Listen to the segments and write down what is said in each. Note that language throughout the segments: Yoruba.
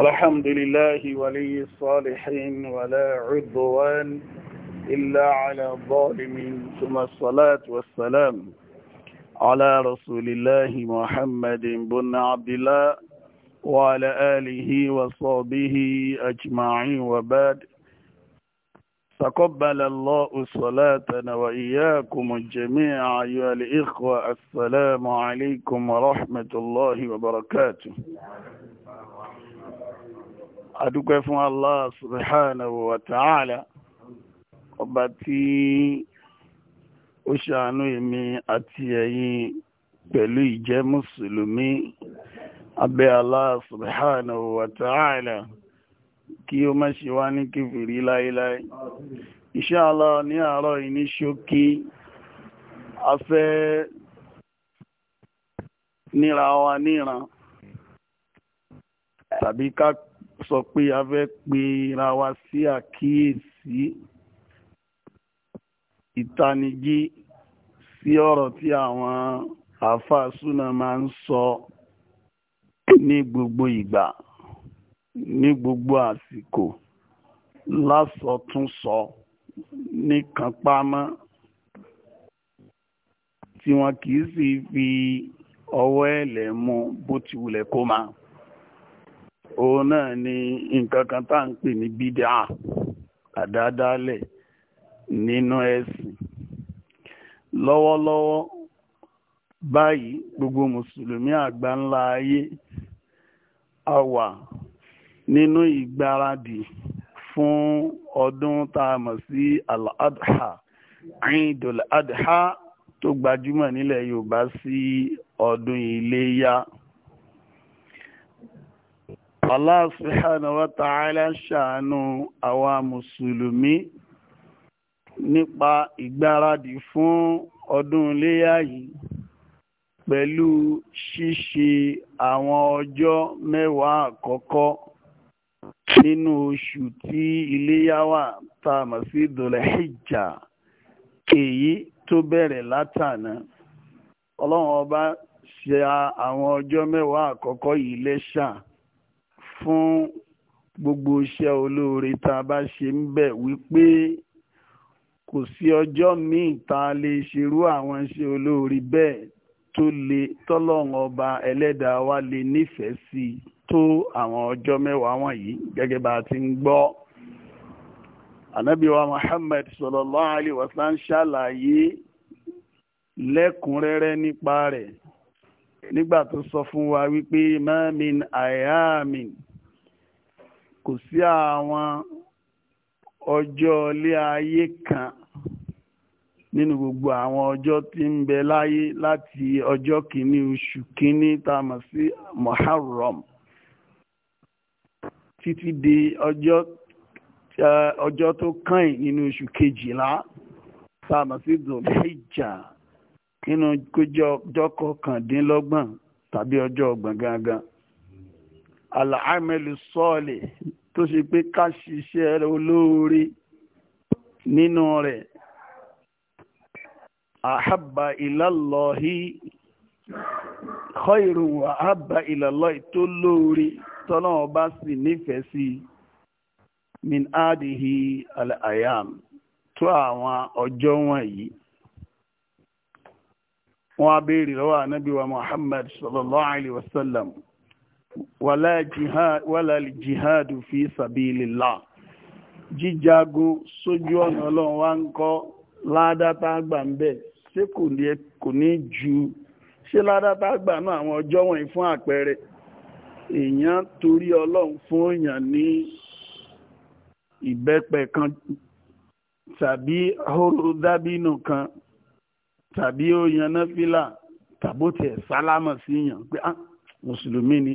الحمد لله ولي الصالحين ولا عدوان إلا على الظالمين ثم الصلاة والسلام على رسول الله محمد بن عبد الله وعلى آله وصحبه أجمعين وبعد تقبل الله صلاتنا وإياكم الجميع أيها الإخوة السلام عليكم ورحمة الله وبركاته adúpẹ́ fún Allah subhanahu wa ta'ala ọba tí ó ṣàánú èmi àti ẹ̀yin pẹ̀lú ìjẹ́ mùsùlùmí abẹ́ Allah subhanahu wa ta'ala kí ó má ṣe wá ní kèfèrí láíláí insha Allah ní àárọ̀ ìní ṣókí a níra wa níran tàbí ká sọ pé a fẹ́ pe ra wa sí àkíyèsí ìtanijí sí ọ̀rọ̀ tí àwọn àáfàá súnà máa ń sọ ní gbogbo ìgbà ní gbogbo àsìkò lásọtúnsọ nìkan pamọ́ tí wọn kì í sì fi ọwọ́ ẹ̀lẹ̀ mú bó ti wulẹ̀ kó máa. òun náà ni nǹkan kan tá à ń pè ní bídà àdádálẹ̀ nínú ẹ̀sìn lọ́wọ́lọ́wọ́ báyìí gbogbo mùsùlùmí àgbà ayé a wà nínú ìgbáradì fún ọdún tá a mọ̀ sí al-adha Eidul Adha tó gbajúmọ̀ nílẹ̀ Yorùbá sí ọdún iléyá. Allah subhanahu wa ta'ala ṣàánú àwa mùsùlùmí nípa ìgbáradì fún ọdún iléyà yìí pẹ̀lú ṣíṣe àwọn ọjọ́ mẹ́wàá àkọ́kọ́ nínú oṣù tí iléyà wà tá a mọ̀ sí Dhul-Hijja èyí tó bẹ̀rẹ̀ látànà ọlọ́run ọba ṣe àwọn ọjọ́ mẹ́wàá àkọ́kọ́ yìí lẹ́ṣà fún gbogbo iṣẹ́ olóore tá a bá ṣe ń bẹ̀ wípé kò sí ọjọ́ míì tá a lè ṣerú àwọn iṣẹ́ olóore bẹ́ẹ̀ tó lè tọ́lọ́run ọba ẹlẹ́dàá wa lè nífẹ̀ẹ́ sí i tó àwọn ọjọ́ mẹ́wàá wọ̀nyí gẹ́gẹ́ bá a ti ń gbọ́. ànábìwá Muhammad sallallahu alaihi wasallam ṣàlàyé lẹ́kùnrẹ́rẹ́ nípa rẹ̀ nígbà tó sọ fún wa wípé mamin ayamin. kò sí àwọn ọjọ́ ilé ayé kan nínú gbogbo àwọn ọjọ́ tí ń bẹ láyé láti ọjọ́ kìíní oṣù kìíní tá a mọ̀ sí Muharram títí di ọjọ́ ọjọ́ tó kàn nínú oṣù kejìlá tá a mọ̀ sí dhul nínú kójọ jẹ́ ọjọ́ kọkàndínlọ́gbọ̀n tàbí ọjọ́ ọgbọ̀n àlàámẹ́lì sọ́ọ̀lì tó ṣe pé ká ṣiṣẹ́ rẹ̀ olóore nínú rẹ̀ àhábà ìlàlọ́hí khairu wa àhábà ìlàlọ́hí tó lóore tọ́lọ́wọ́ bá sì nífẹ̀ẹ́ sí min adihi al-ayam tó àwọn ọjọ́ wọ̀nyí wọ́n á béèrè lọ́wọ́ wa muhammad sallallahu alaihi wasallam wala jihad wala jihadu fi sabilillah jíjagun sójú ọ̀nà ọlọ́run wá ń kọ́ ládátá àgbà ń bẹ̀ ṣé kò ní ju ṣé ládátá àgbà náà àwọn ọjọ́ wọ̀nyí fún àpẹẹrẹ èèyàn torí ọlọ́run fún èèyàn ní ìbẹ́pẹ kan tàbí hóró dábínú kan tàbí ó yan náfìlà tàbó tiẹ̀ sálámà sí èèyàn pé ah mùsùlùmí ni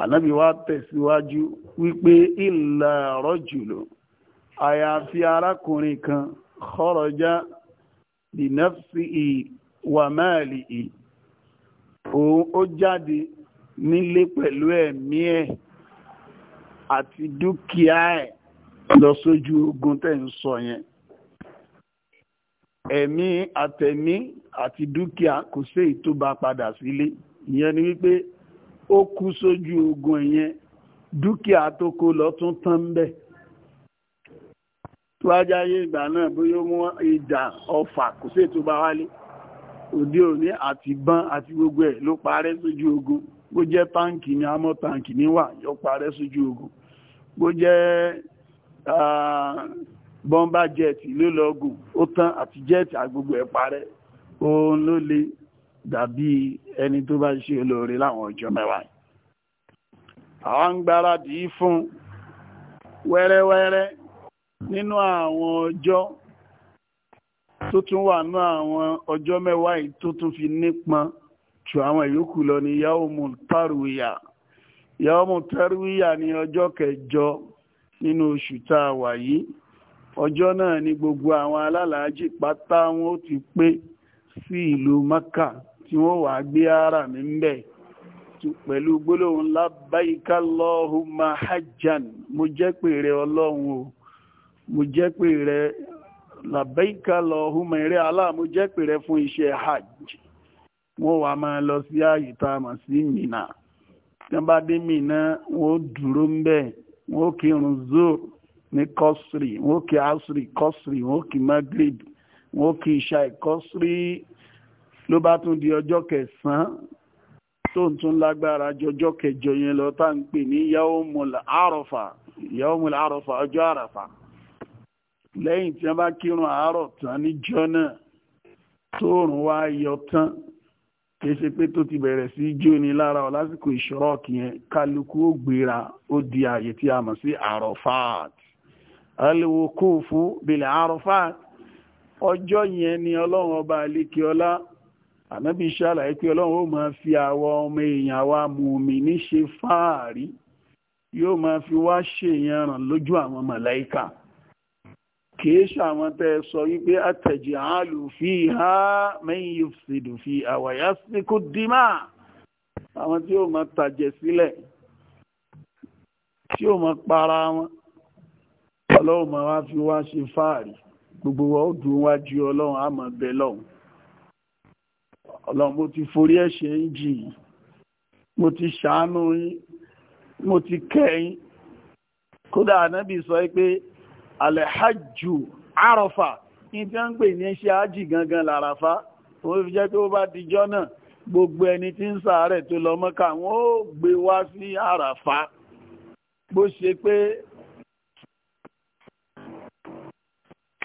ànábì wa tẹ̀síwájú wípé ìlà rọ́jùlọ àyàfi arákùnrin kan kọ́rọ̀já dìnẹ́fì ìwàmáàlì ì òun ó jáde nílé pẹ̀lú ẹ̀mí ẹ̀ àti dúkìá ẹ̀ lọ sójú ogun tẹ̀ ń sọ yẹn ẹ̀mí àtẹ̀mí àti dúkìá kò sí èyí tó bá padà sílé ìyẹn ni wípé ó kú sójú ogun ìyẹn dúkìá tó kó lọ tún tán bẹ́ẹ̀ tó ajáyé ìgbà náà bóyá mú ìdà ọfà kò sí ètò bá wálé òde òní àti bán àti gbogbo ẹ̀ ló parẹ́ sójú ogun bó jẹ́ táǹkì ní amọ́ táǹkì níwà yóò parẹ́ sójú ogun bó jẹ́ bọ́mbà jẹ́ẹ̀tì ló lọ́gùn ó tán àti jẹ́ẹ̀tì àgbogbo ẹ̀ parẹ́ òun ló le dàbí ẹni tó bá ṣe olóore láwọn ọjọ́ mẹ́wàá àwọn ń gbáradì fún wẹ́rẹ́wẹ́rẹ́ nínú àwọn ọjọ́ tó tún wà ní àwọn ọjọ́ mẹ́wàá yìí tó tún fi nípọn ju àwọn ìyókù lọ ní yawmu tarwiya yawmu tarwiya ní ọjọ́ kẹjọ nínú oṣù tá a wà yìí ọjọ́ náà ni gbogbo àwọn alálàájì pátá wọn ó ti pé sí ìlú Mákà tí wọ́n wà gbé ara mi ń bẹ̀ pẹ̀lú gbólóhùn labbaika Allahumma hajjan mo jẹ́ pé rẹ ọlọ́run o mo jẹ́ pé rẹ rẹ mo jẹ́ pé fún iṣẹ́ hajj wọ́n wà máa lọ sí ààyè tá a mọ̀ sí Mínà tí wọ́n bá dé wọ́n dúró ń bẹ̀ wọ́n kírun ní kọ́sìrì ló bá tún di ọjọ́ kẹsàn-án tó ń tún lágbára jọjọ́ kẹjọ yẹn lọ tá ń pè ní yaomul arọfà yaomul arọfà ọjọ́ àràfà lẹ́yìn tí wọ́n bá kírun àárọ̀ tán níjọ́ náà tóòrùn wá yọ tán kìí ṣe pé tó ti bẹ̀rẹ̀ sí jó ni lára ọ lásìkò ìṣọ́rọ̀kì yẹn kálukú ó gbéra ó di àyè tí a mọ̀ sí arọfàt aliwo kóòfù bìlẹ̀ arọfàt ọjọ́ yẹn ni ọlọ́run ọba àlékè ọlá ànábì ṣàlàyé pé ọlọ́run ó máa fi àwa ọmọ èèyàn àwa mùmíní ṣe fáàrí yóò máa fi wá ṣèyàn ràn lójú àwọn màláíkà kìí ṣàwọn tẹ́ ẹ sọ wípé àtẹ̀jì àálù fi ha mẹ́yìn yufsidu fi àwàyá síkú dímà àwọn tí ó máa tàjẹ̀ sílẹ̀ tí ó máa para wọn ọlọ́run máa wá fi wá ṣe fáàrí gbogbo wa ó dùn wájú ọlọ́run á máa bẹ lọ́hùn ọlọ́run mo ti forí ẹ̀ṣẹ̀ yín jì yín mo ti ṣàánú yín mo ti kẹ́ yín kódà ànábì sọ pé alẹ́hajjù àrọ̀fà ní tí wọ́n ń pè ní iṣẹ́ ájì gangan làràfá òun fi jẹ́ pé ó bá dijọ́ náà gbogbo ẹni tí ń sàárẹ̀ tó lọ mọ́ka wọ́n ó gbé wá sí àràfá bó ṣe pé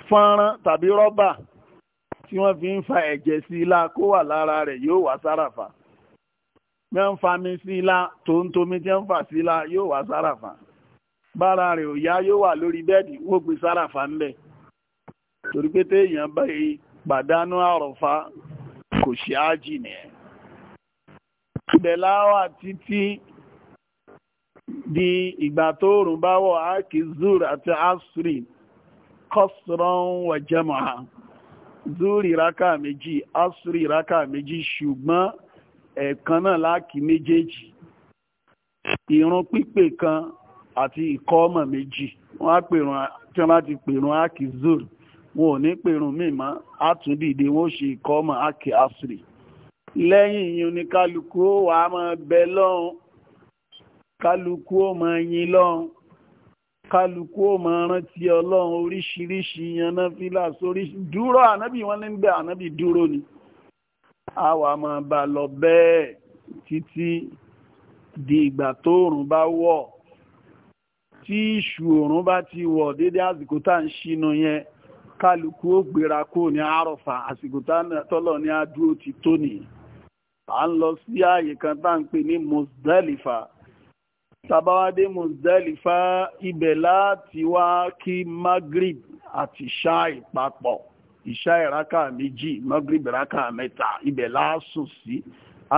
fọ́nrán tàbí rọ́bà tí wọ́n fi ń fa ẹ̀jẹ̀ sí ilá kó wà lára rẹ̀ yóò wá sárafa bí wọ́n ń fa mi sí ilá tó ń tomi tí wọ́n fà sí ilá yóò wá sárafa bára rẹ̀ ò yá yóò wà lórí bẹ́ẹ̀dì wọ́n gbé sárafa ńbẹ̀ torí pé téèyàn báyìí pàdánù àròfá kò ṣe ájì nìyẹn. ìbẹ̀láwà títí di ìgbà tó rùn bá wọ̀ ákì zur àti asri kọ́sùrọ̀ wọ̀ hàn. zuri raka méjì asuri raka méjì ṣùgbọ́n ẹ̀ẹ̀kan náà láàkì méjèèjì ìrún pípè kan àti ìkọ́mọ̀ méjì wọ́n á pèrún tí wọ́n bá ti pèrún áàkì zuri wọn ò ní pèrún míì mọ́ á ó ṣe áàkì lẹ́yìn ó wàá máa bẹ lọ́hùn kálukú ó máa rántí ọlọ́run oríṣiríṣi yaná fílà sórí dúró ànábì wọn ní bẹ́ẹ̀ ànábì dúró ni a wà máa bá lọ bẹ́ẹ̀ títí di ìgbà tóòrùn bá wọ̀ tí ìṣù òòrùn bá ti wọ̀ dédé àsìkò tá à ń ṣínú yẹn kálukú ó gbéra kó ní àròfà àsìkò tọ́lọ̀ ní adúró ti tó nìyẹn à ń lọ sí ààyè kan tá à ń pè ní Muzdalifa tàbáwádé Muzdalifa ibẹ̀ láti wá kí Maghrib àti ṣáì papọ̀ ìṣá raka méjì Maghrib ìrákà mẹ́ta ibẹ̀ láásùn sí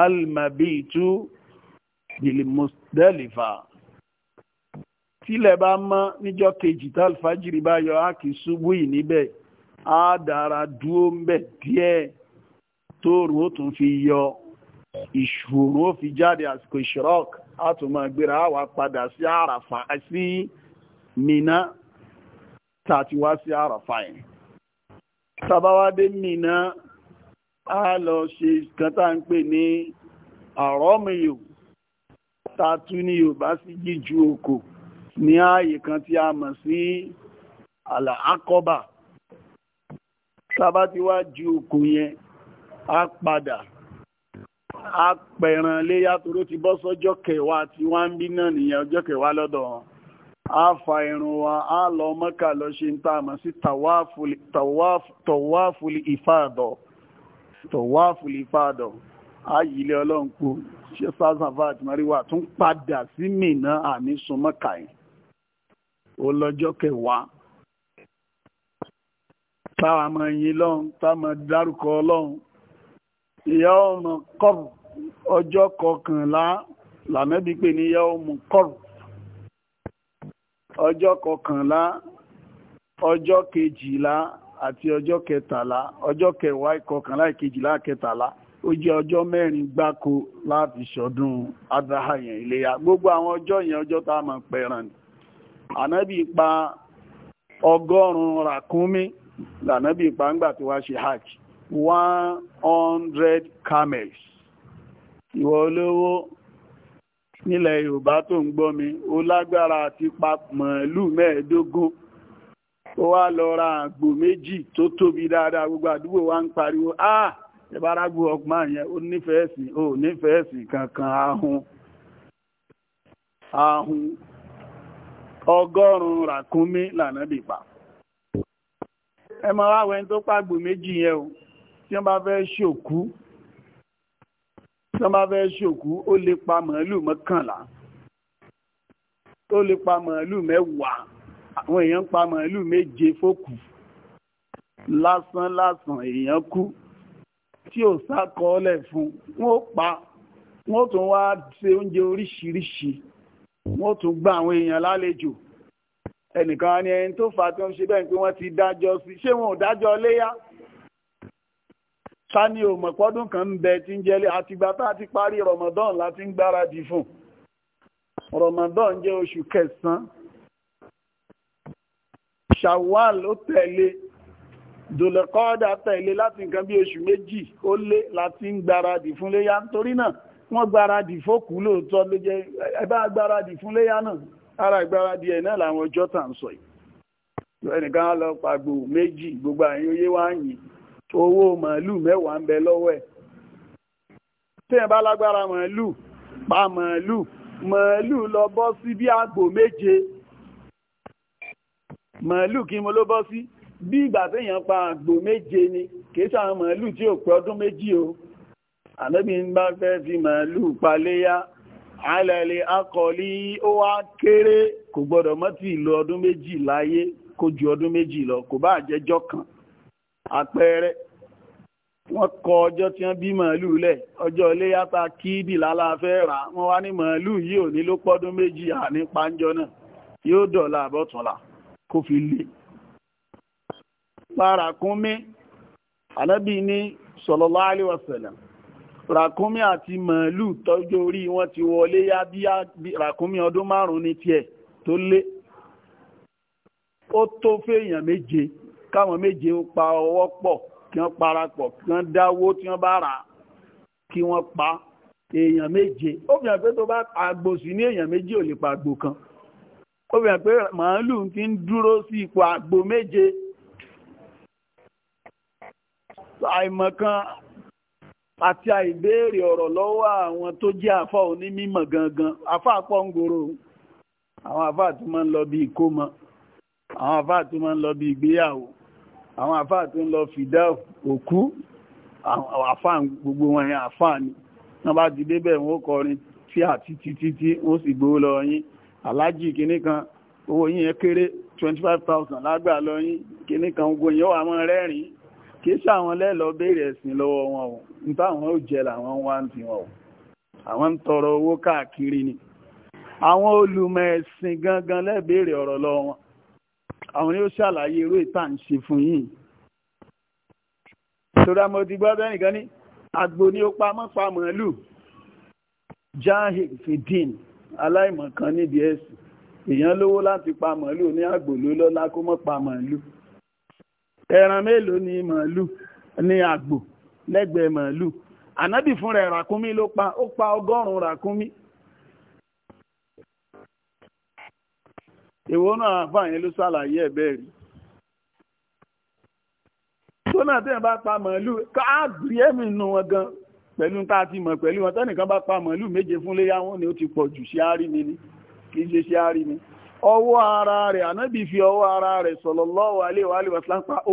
almabitu bilimusdalifa tílẹ̀ bá mọ́ níjọ́ kejì tá alfajiri bá yọ ákì ṣubú yìí níbẹ̀ á dára dúó ń bẹ̀ díẹ̀ tóòrùn ó tún fi yọ ìṣòro ó fi jáde àsìkò ìṣirọ́ọ̀kì a tún máa gbéra a wá padà sí àràfà sí Mínà tá a ti wá sí àràfà yẹn tàbáwádé Mínà a lọ ṣe kan tá à ń pè ní àrọ́mìyò tá ní Yorùbá sí jíju okò ní ààyè kan tí a mọ̀ sí àlà akọ́bà tá ti wá ju okò yẹn a padà apẹ̀ràn léyà toró ti bọ́ sọ́jọ́ kẹwàá tí wọ́n ń bí náà nìyẹn ọjọ́ kẹwàá lọ́dọ̀ wọn a fa irun wa a lọ mọ́kà lọ ṣe ń ta àmọ́ sí tọ̀wáfùlì ìfàdọ̀ tọ̀wáfùlì ìfàdọ̀ a yìí lé ọlọ́run kú ṣe sásàfà àti maríwá tún padà sí mìíràn àmì sun mọ́kà yìí ó lọ́jọ́ kẹwàá táwọn ọmọ yìí lọ́hùn táwọn dárúkọ ọlọ́hùn ìyá ọmọ kọ́rù ọjọ́ kọkànlá làmẹ́bí pé ní ìyá ọmọ kọ́rù ọjọ́ kọkànlá ọjọ́ kejìlá àti ọjọ́ kẹtàlá ọjọ́ kẹwàá ìkọkànlá kejìlá kẹtàlá ó jẹ́ ọjọ́ mẹ́rin gbáko láti ṣọdún adáhà yẹn iléyá gbogbo àwọn ọjọ́ yẹn ọjọ́ tá a máa pẹran ni ànábì pa ọgọ́rùn-ún ràkúnmí lànábì pa ńgbà tí wàá ṣe hajj one hundred camels ìwọ olówó nílẹ̀ yorùbá tó ń gbọ́ mi ó lágbára àti pa màálù mẹ́ẹ̀ẹ́dógún ó wá lọ ra àgbò méjì tó tóbi dáadáa gbogbo àdúgbò wa ń pariwo ah ìbáragbó ọkùnrin yẹn ó nífẹ̀ẹ́ sí ó nífẹ̀ẹ́ sí kankan ahun ahun ọgọ́rùn-ún ràkúnmí lànà dìpa ẹ máa wá wẹ́n tó pàgbò méjì yẹn o tí wọ́n bá fẹ́ ṣòkú tí wọ́n bá fẹ́ ṣòkú ó lè pa màálù mọ́kànlá ó lè pa màálù mẹ́wàá àwọn èèyàn pa màálù méje fókù lásán lásán èèyàn kú tí ò sákọọ́lẹ̀ fún wọn ó pa wọn ó tún wá ṣe oúnjẹ oríṣiríṣi wọn ó tún gba àwọn èèyàn lálejò ẹnìkan ni ẹni tó fà tí wọ́n ṣe bẹ́ẹ̀ pé wọ́n ti dájọ́ sí ṣé wọn ò dájọ́ léyà sani o mọ̀ pọ́dún kan ń bẹ tí ń jẹ́lé àtìgbà tá a ti parí Ramadan láti ń gbáradì fún Ramadan jẹ́ oṣù kẹsàn-án Shawwal ó tẹ̀lé dòlẹ́kọ́ọ́dà tẹ̀lé láti nǹkan bí oṣù méjì ó lé láti ń gbáradì fún léyà nítorí náà wọ́n gbáradì fókù lóòótọ́ ló jẹ́ ẹ bá gbáradì fún léyà náà ara ìgbáradì ẹ̀ náà làwọn ọjọ́ tà ń sọ yìí ẹnìkan lọ pàgbò méjì gbogbo àyín oyé wá yìí owó màálù mẹ́wàá ń bẹ lọ́wọ́ ẹ̀ tí ẹ bá lágbára màálù pa màálù màálù lọ bọ́ sí bí àgbò méje màálù kí mo ló bọ́ sí bí ìgbà téèyàn pa àgbò méje ni kì í sàwọn màálù tí ò pé ọdún méjì o ànábì ń bá fẹ́ fi màálù paléyá alẹ́lẹ́ akọ̀lí ó wá kéré kò gbọ́dọ̀ mọ́ ti ìlò ọdún méjì láyé kó ju ọdún méjì lọ kò bá àjẹjọ́ kan àpẹẹrẹ wọ́n kọ ọjọ́ tí wọ́n bí màálù lẹ̀ ọjọ́ iléyá ta kíìdì lálàáfẹ́ rà wọ́n wá ní màálù yìí ò ní ló pọ́dún méjì àní pàǹjọ náà yóò dọ̀la àbọ̀túnla kó fi lè. parakúnmí ànábì ní sallallahu alaihi wasallam ràkúnmí àti màálù tọ́jú orí wọn ti wọlé yá bí ràkúnmí ọdún márùn-ún ní tiẹ̀ tó lé ó tó fèèyàn méje káwọn méje ó pa ọwọ́ pọ̀ kí wọ́n parapọ̀ kí wọ́n dáwó tí wọ́n bá rà kí wọ́n pa èèyàn méje ó fi hàn pé tó bá àgbò sí ní èèyàn méjì ò lè pa àgbò kan ó fi hàn pé màálù ti ń dúró sí ipò àgbò méje àìmọ̀kan àti àìbéèrè ọ̀rọ̀ lọ́wọ́ àwọn tó jẹ́ àfá onímọ̀ gangan àfá pọ̀ ń gòrò àwọn àfá tí máa ń lọ bí ìkómọ àwọn àfá tí máa ń lọ bí ìgbéyàwó àwọn àfáà tó ń lọ fìdá òkú àfáà gbogbo wọn yẹn àfáà ni wọ́n bá ti débẹ̀ wọ́n kọrin tí àti títí tí ó sì gbówó lọ yín alájì kìíní kan owó yín yẹn kéré 25,000 lágbà lọ yín kìíní kan ogun yóò wà mọ́ rẹ́rìn kìí ṣe àwọn lẹ́lọ béèrè ẹ̀sìn lọ́wọ́ wọn o ní táwọn ò jẹ làwọn wá ń ti wọn o àwọn ń tọrọ owó káàkiri ni àwọn olùmọ̀ ẹ̀sìn gangan lẹ́bẹ̀ẹ́rẹ̀ ọ̀rọ̀ lọ́wọ́ wọn àwọn ni ó ṣàlàyé irú ìta ń ṣe fún yìí sọ́dá mo ti gbọ́ bẹ́ẹ̀ nìkan ní àgbò ní ó pamọ́ pa màálù jahil fidin aláìmọ̀kan nídìí ẹ̀sìn èèyàn lówó láti pa màálù ní àgbò ló lọ́lá kó mọ́ pa màálù ẹran mélòó ni màálù ní àgbò lẹ́gbẹ̀ẹ́ màálù ànábì fúnra ẹ̀ ràkúnmí ló pa ó pa ọgọ́rùn-ún ràkúnmí èwo náà àfáà ló ṣàlàyé ẹ̀ bẹ́ẹ̀ rí tó náà tẹ́yìn bá pa màálù káàdì ẹ̀mí nù wọn gan pẹ̀lú tá a ti mọ̀ pẹ̀lú wọn tẹ́nìkan bá pa màálù méje fún léyà ni ó ti pọ̀ jù ni kì í ṣe mi ọwọ́ ara fi ọwọ́ ara rẹ̀ wa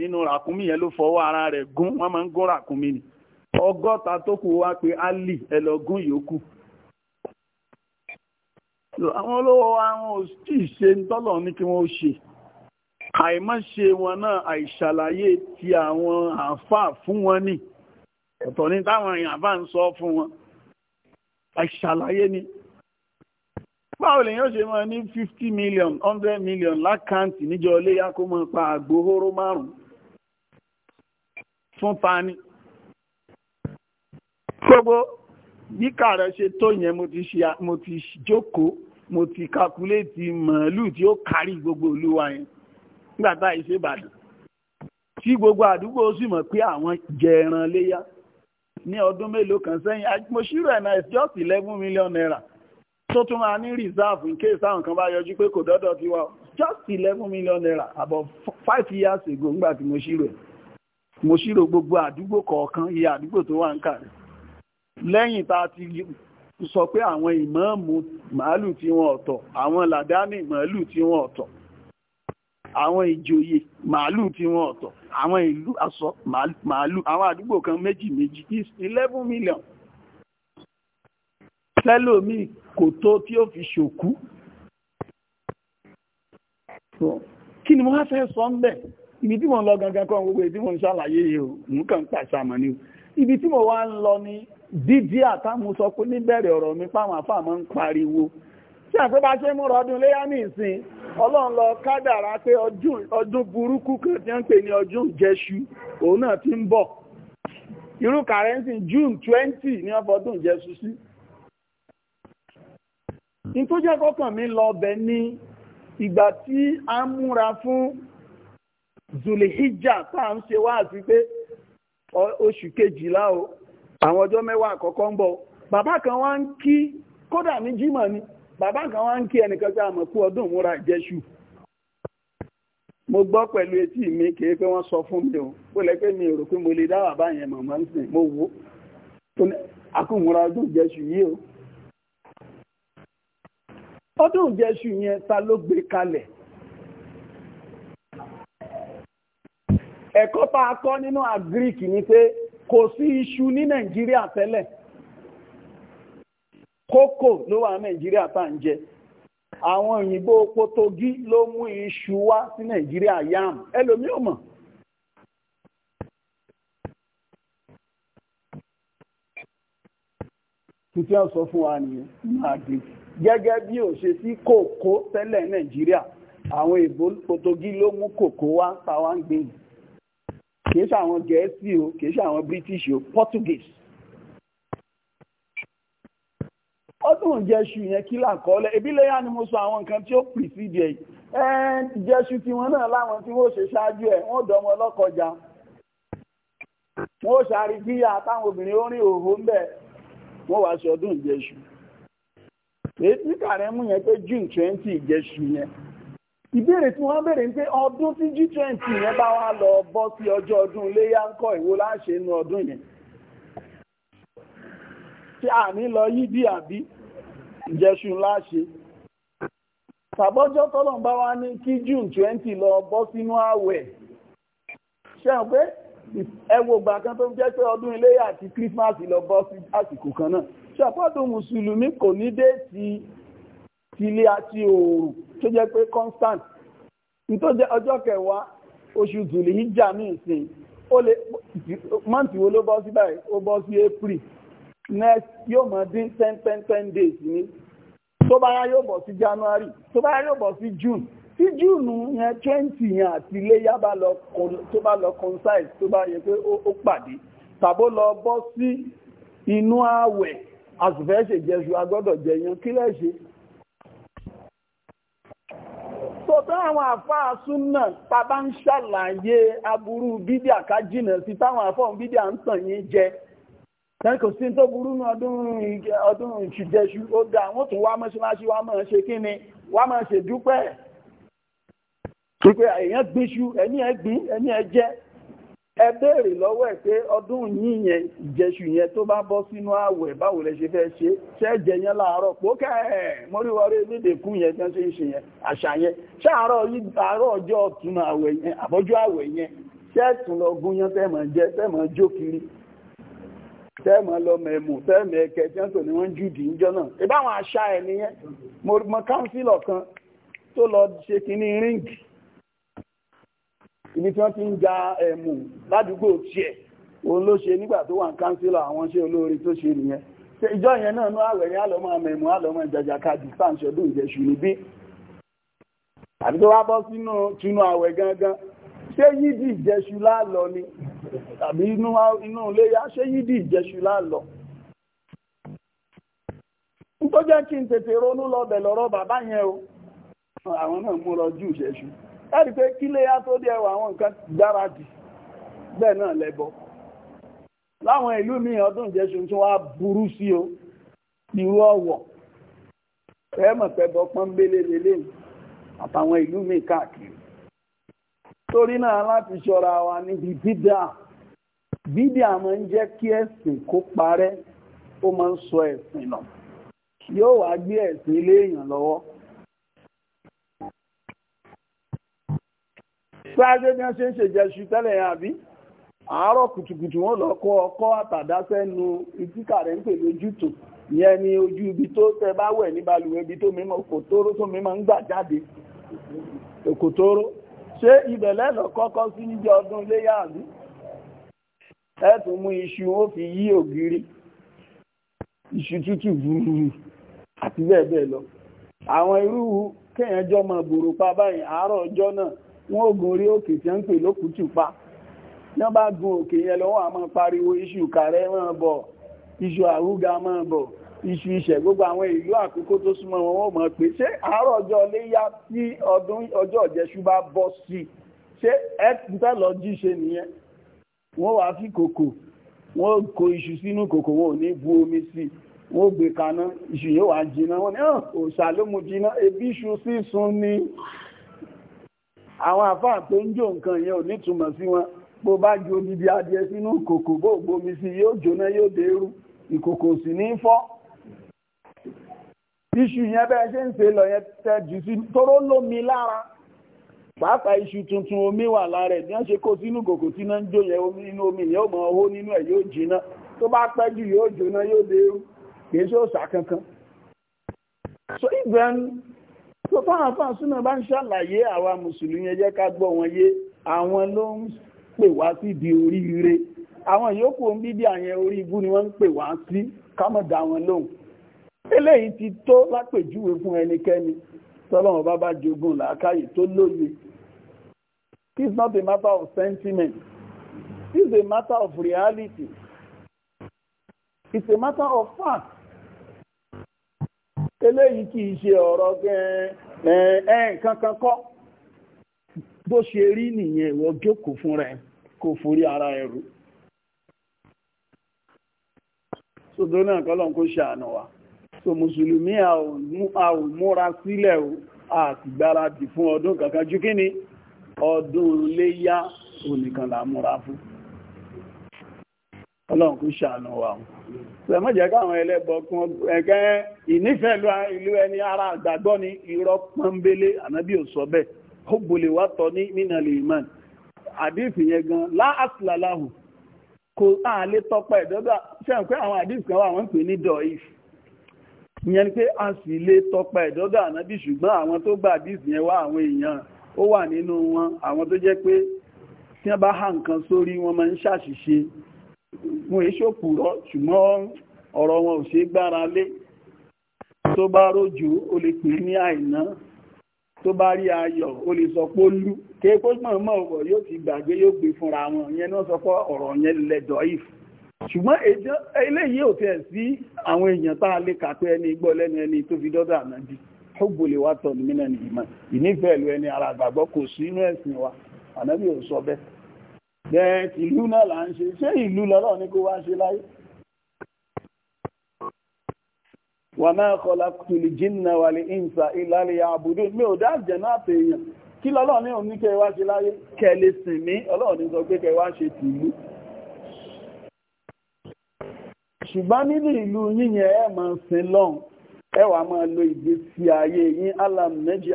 nínú ràkúnmí yẹn ló fọwọ́ ara rẹ̀ gún wọ́n máa ni ọgọ́ta tó kù wá pé àwọn olówó wa wọn ò tí ì ṣe tọ́lọ̀ ní kí wọ́n ṣe àìmọ́ṣe wọn náà àìṣàlàyé ti àwọn àáfàá fún wọn ni ọ̀tọ̀ ní táwọn èèyàn bá ń sọ fún wọn àìṣàlàyé ni báwo lèyàn ṣe máa ní fifty million hundred million lákàǹtì níjọ iléyà kó máa pa àgbo márùn fún ta gbogbo bí kààrẹ ṣe tó yẹn mo ti jókòó mo ti kakuléètì màálù tí ó kárí gbogbo olúwa yẹn nígbà tá a ṣe ìbàdàn tí gbogbo àdúgbò sì mọ̀ pé àwọn jẹran léyà ní ọdún mélòó kan sẹ́yìn mo ṣírò ẹ̀ náà just eleven million naira tó tún máa ní reserve in case àwọn kan bá yọjú pé kò dọ́dọ̀ ti wá just eleven million naira about five years ago nígbà tí mo ṣírò ẹ̀ mo ṣírò gbogbo àdúgbò kọ̀ọ̀kan iye àdúgbò tó wà ń kàrí lẹ́yìn tá a ti sọ pé àwọn ìmáàmù màálù tí wọ́n ọ̀tọ̀ àwọn làdáni màálù tí wọ́n ọ̀tọ̀ àwọn ìjòyè màálù tí wọ́n ọ̀tọ̀ àwọn ìlú aṣọ màálù àwọn àdúgbò kan méjì méjì is eleven million tẹ́lòmí kò tó tí ó fi ṣòkú kí ni mo wá fẹ́ sọ ń bẹ̀ ibi tí mo ń lọ gangan kan gbogbo ìdí mo ń ṣàlàyé yìí o nǹkan pàṣàmọ̀ ni ibi tí mo wá ń lọ ní dídí àtàmú sọ pé níbẹ̀rẹ̀ ọ̀rọ̀ mi páwọn àfà máa ń pariwo tí àpé bá ṣe múra ọdún léyá ní ìsìn ọlọ́run lọ kádàrá pé ọdún burúkú kan tí ó ń pè ní ọdún jẹ́ṣu òun náà ti ń bọ̀ irú kàrẹ́ǹsì June 20 ní ọfọdún jẹ́ṣu sí ní tó jẹ́ kọ́kàn mi lọ bẹ ní ìgbà tí a ń múra fún zulihijja tá à ń ṣe wá àti pé oṣù kejìlá o àwọn ọjọ́ mẹ́wàá àkọ́kọ́ ń bọ̀ bàbá kan wá ń kí kódà ní jímọ̀ ni bàbá kan wá ń kí ẹnìkan tí a mọ̀ kú ọdún múra ìjẹ́ṣù mo gbọ́ pẹ̀lú etí mi kì í pé wọ́n sọ fún mi o ó lẹ mi rò pé mo lè dá bàbá yẹn mọ̀ mọ́ nísìn mo wò ó akúmúra ọdún ìjẹ́ṣù yìí o ọdún ìjẹ́ṣù yẹn ta ló gbé kalẹ̀ ẹ̀kọ́ tá a kọ́ nínú àgíríkì ni pé kò sí iṣu ní nàìjíríà tẹ́lẹ̀ kókò ló wà nàìjíríà tá ń jẹ àwọn òyìnbó potogi ló mú iṣu wá sí nàìjíríà yam ẹlòmí ò tuntun sọ fún wa nìyẹn máa gẹ́gẹ́ bí o ṣe sí kòkó tẹ́lẹ̀ nàìjíríà àwọn ìbò potogi ló mú kòkó wá táwa ń gbé yìí kìí ṣe àwọn gẹ̀ẹ́sì o kìí ṣe àwọn british o portuguese ọdún jẹ́ṣu yẹn kí làkọọ́lẹ̀ ebi ni mo sọ àwọn nǹkan tí ó precede ẹ̀ ẹ̀ẹ́n jẹ́ṣu tí wọ́n náà láwọn tí wọ́n ṣe ṣáájú ẹ̀ wọ́n dọ̀mọ́ ọlọ́kọjà wọ́n ṣàrí obìnrin ó òhò ń bẹ̀ wọ́n wá ọdún èyí tí kàrẹ́mù yẹn pé june twenty ìbéèrè tí wọ́n béèrè ń pé ọdún tí G20 yẹn bá wá lọ bọ́ sí ọjọ́ ọdún iléyá ń kọ́ ìwo láṣẹ inú ọdún yẹn tí a ní lọ yí bí àbí ìjẹṣu láṣẹ tàbọ́jọ́ tọ́lọ̀ bá wá ní kí June 20 lọ bọ́ sínú ààwẹ̀ ṣẹ́hùn pé ẹwọ gbà kan tó jẹ́ pé ọdún iléyá àti Christmas lọ bọ́ sí àsìkò kan náà ṣàpọ́dún mùsùlùmí kò ní déètì ti ilé àti òòrùn tó jẹ́ pé constant ní tó jẹ́ ọjọ́ kẹwàá oṣù zùlì ìjà ní ìsìn ó lè mọ́ǹtì wo ló bọ́ sí báyìí ó bọ́ sí april next yóò mọ̀ dín ten ten ten days ní tó bá yá yóò bọ̀ sí january tó bá yá yóò bọ̀ sí june tí june yẹn twenty yẹn àti iléyà bá lọ tó bá lọ concise tó bá yẹ pé ó pàdé tàbó lọ bọ́ sí inú ààwẹ̀ àsìfẹ́ ṣèjẹsù agbọ́dọ̀ jẹyàn kí lẹ́ṣe tó tán àwọn àfáà súnà tàbá ń ṣàlàyé aburú bídíà ká jìnà sí táwọn àfọ́ bídíà ń tàn yín jẹ tẹ́n kò sí tó burú ní ọdún ìṣìjẹṣu ó dá wọ́n tún wá mọ́ṣáláṣí wá máa ṣe kí ni wá máa ṣe dúpẹ́ pípẹ́ èèyàn gbíṣu ẹni ẹ gbìn ẹni ẹ jẹ ẹ béèrè lọ́wọ́ ẹ̀ pé ọdún yìí yẹn tọ yẹn tó bá bọ́ sínú ààwẹ̀ báwo lẹ ṣe fẹ́ ṣe ṣẹ́jẹ yẹn láàárọ̀ pókẹ́ ẹ̀ mọ́ríwọ́rí lédèkú yẹn ṣe ń ṣe yẹn àṣà yẹn ṣáàárọ̀ ọjọ́ ọ̀tún àbọ́jú ààwẹ̀ yẹn ṣẹ́ẹ̀tún yẹn tẹ́mọ̀ tẹ́mọ̀ tẹ́mọ̀ ibi tí wọ́n ti ń ja ẹ̀mù eh, ládùúgbò tiẹ̀ òun ló ṣe nígbà tó wà ń kánsílọ̀ àwọn ṣé olóore tó ṣe nìyẹn ṣe ìjọ yẹn náà ní àwẹ̀ ní àlọ́mọ àmẹ̀mú àlọ́mọ ìjàjàkadì sáǹṣọ́dún ìjẹ̀ṣù níbí àti tó wá bọ́ sínú túnú àwẹ̀ gangan ṣé yídì ìjẹ̀ṣù láàlọ́ ni tàbí inú iléyà ṣé yídì ìjẹ̀ṣù láàlọ́ tó jẹ́ kí n tètè ronú lọ bẹ̀ lọ́rọ̀ bàbá yẹn o àwọn náà mú lọ jù ìṣẹ́ṣù láti pé ya yá tó ẹwà àwọn nǹkan gbáradì bẹ́ẹ̀ náà lẹ́bọ láwọn ìlú ọdún tí burú o irú ọ̀wọ̀ ẹ̀mọ̀ àtàwọn ìlú káàkiri torí náà láti ṣọ́ra wa níbi bídà bídà ń jẹ́ kí ẹ̀sìn kó parẹ́ ó ń sọ ẹ̀sìn lọ yóò ṣáájú bí wọ́n ṣe ń ṣèjẹ́ ṣu tẹ́lẹ̀ yẹn àbí àárọ̀ kùtùkùtù wọn lọ kọ ọkọ́ àtàdásẹ́nu ìtíkà rẹ̀ ń pè lójútùú ni ojú ibi tó tẹ bá wẹ̀ ní balùwẹ̀ ibi tó mímọ́ kòtóró tó mímọ́ ń gbà jáde ṣé ibẹ̀ kọ́kọ́ sí ọdún léyà àbí ẹ tún mú iṣu ó fi yí ògiri iṣu tútù gbùrù àti bẹ́ẹ̀ bẹ́ẹ̀ lọ wọ́n ògùn orí òkè tí ó ń pè lókùtù pa náà bá gun òkè yẹn lọ́wọ́ àmọ́ pariwo iṣu kàrẹ́ máa bọ̀ iṣu àrúga máa bọ̀ iṣu iṣẹ́ gbogbo àwọn ìlú àkókò tó súnmọ́ wọn wọ́n mọ̀ pé ṣé àárọ̀ ọjọ́ léyá tí ọdún ọjọ́ ìjẹṣu bá bọ́ sí ṣé ẹ ń tẹ́ lọ jí ṣe nìyẹn wọ́n wàá fi kòkò wọ́n kó iṣu sínú kòkò wọn ò ní bu omi sí wọ́n gbé kaná iṣu yóò wá jiná wọ́n ní òòṣà ló mu jiná ebi iṣu sísun ni àwọn àfáà tó ń jó nǹkan yẹn ò nítumọ̀ sí wọn bó bá ju odidi adìẹ sínú kòkò bó gbomi sí yóò jóná yóò dérú ìkòkò sì ní fọ́ iṣu yẹn bẹ́ẹ̀ ṣe ń ṣe lọ yẹn tẹ́ jù sí tóró lómi lára pàápàá iṣu tuntun omi wà lára ẹ̀ bí wọ́n ṣe kó sínú kòkò tí náà ń jó yẹn omi inú omi yẹn ó mọ owó nínú ẹ̀ yóò jiná tó bá pẹ́ jù yóò jóná yóò dérú kì í ṣe òòṣà kankan. so even tó fáwọn afáà súnà bá ń ṣàlàyé àwa mùsùlùmí ẹ ká gbọ́ wọn yé àwọn ló ń pè wá sí di oríire àwọn yòókù ń bíbí àyẹn orí ibú ni wọ́n ń pè wá sí ká wọn lóhùn eléyìí ti tó lápèjúwe fún ẹnikẹ́ni tọ́lọ́wọ́n bá bá jogún làákàyè tó lóye it's not a matter of sentiment it's a matter of reality it's a matter of fact eléyìí kìí ṣe ọ̀rọ̀ gan-an nǹkan kan kọ́ bó ṣe rí nìyẹn ìwọ jókòó fún rẹ kò forí ara ẹrù sódó náà kọ́lọ̀ kó ṣàánà wa so mùsùlùmí a ò múra sílẹ̀ o a ti gbáradì fún ọdún kankan ju kí ni ọdún léyá onìkan múra fún ọlọ́run kú ṣàánú wa ṣe mọ́ jẹ́ káwọn ẹlẹ́bọ̀ kún ẹ̀kẹ́ ìnífẹ̀ẹ́lú ìlú ẹni ara àgbàgbọ́ ni irọ́ pọ́nbélé ànábì ò sọ bẹ́ẹ̀ ó gbolè wá tọ́ ní mínàlì imán àdìsì yẹn gan láàsìláláhù kò àlè tọpa ẹ̀dọ́dọ̀ ṣe ń pẹ́ àwọn àdìsì kan wà wọ́n ń pè ní dọ̀if ìyẹn ni pé a sì lè tọpa ẹ̀dọ́dọ̀ ànábì ṣùgbọ́n àwọn tó gba àdìsì yẹn wá àwọn èèyàn ó wà nínú wọn àwọn tó jẹ́ pé tí wọ́n bá há nǹkan sórí wọn máa ń ṣàṣìṣe wọn èso rọ ṣùgbọ́n ọ̀rọ̀ wọn ò ṣe gbára lé tó bá rójò ó lè pè ní àìná tó bá rí ayọ̀ lè sọ pé ó lú kéèkó ọ̀rọ̀ yóò ti gbàgbé yóò gbé fúnra wọn yẹn náà sọ pé ọ̀rọ̀ yẹn lẹ́dọ̀ ìfù ṣùgbọ́n eléyìí ò tẹ̀ sí àwọn èèyàn tá a lè kàpẹ́ ẹni lẹ́nu ẹni tó fi dọ́dọ̀ wá ara àgbàgbọ́ kò sí inú ẹ̀sìn wa ànábì ò bẹ́ẹ̀ ìlú náà là ń ṣe ṣé ìlú lọ́lọ́ ní kó wá ṣe láyé wà máa kọlá tùlì jínà wà lè ìǹsà ìlàlẹ̀ àbúdó mi ò dáàjẹ̀ náà pè kí lọ́lọ́ ní òní kẹ wá ṣe láyé kẹlẹ̀ sìn mí ọlọ́ọ̀ ní sọ pé kẹ wá ṣe tìlú ṣùgbọ́n nínú ìlú yíyẹn ẹ máa sin lọ́n ẹ máa lo ìgbésí ayé yín alam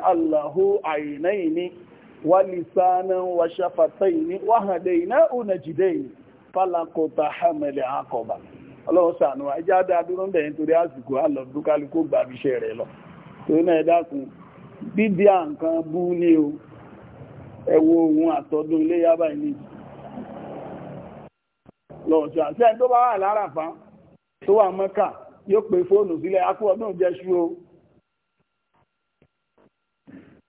aláhó àìnáyìí ní wa وشفتين na نجدين فلن تحمل عقبة ọlọ́run sànú ẹjá dáadúró bẹ̀yìn torí àsìkò alọ́dúnkálukó gbà rẹ̀ lọ torí náà ẹ̀dàkùn bíbí à nǹkan bú ní o ẹwọ ohun àtọ́dún ilé yábà ní lọ́ọ̀tún àti ẹni tó bá wà lára fán tó wà mọ́kà yóò pe fóònù sílẹ̀ akú ọdún jẹ́ṣú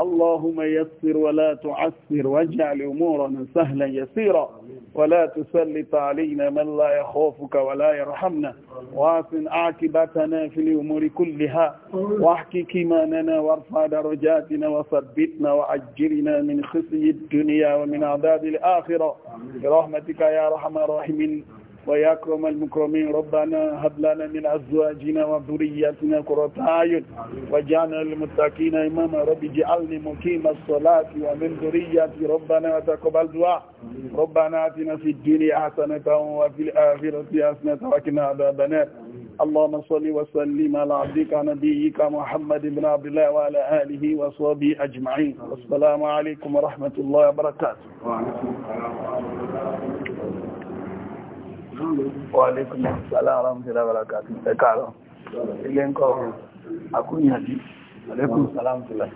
اللهم يسر ولا تعسر واجعل أمورنا سهلا يسيرا ولا تسلط علينا من لا يخافك ولا يرحمنا واسن عاقبتنا في الأمور كلها واحكي كيماننا وارفع درجاتنا وثبتنا وعجلنا من خزي الدنيا ومن عذاب الآخرة برحمتك يا ارحم الراحمين ويا المكرمين ربنا هب لنا من أزواجنا وذرياتنا قرة أعين واجعلنا للمتقين إماما رب اجعلني مقيم الصلاة ومن ذريتي ربنا وتقبل دعاء ربنا آتنا في الدنيا حسنة وفي الآخرة حسنة وقنا عذاب النار اللهم صل وسلم على عبدك نبيك محمد بن عبد الله وعلى آله وصحبه أجمعين والسلام عليكم ورحمة الله وبركاته وعليكم السلام ورحمة الله وبركاته Wàlékún sálàrà ń tẹ́lá bàrà kàtí ẹ̀kàrọ̀. Ilé ń kọ́ àkúnyàjí. Wàlékún sálàmùtìlá.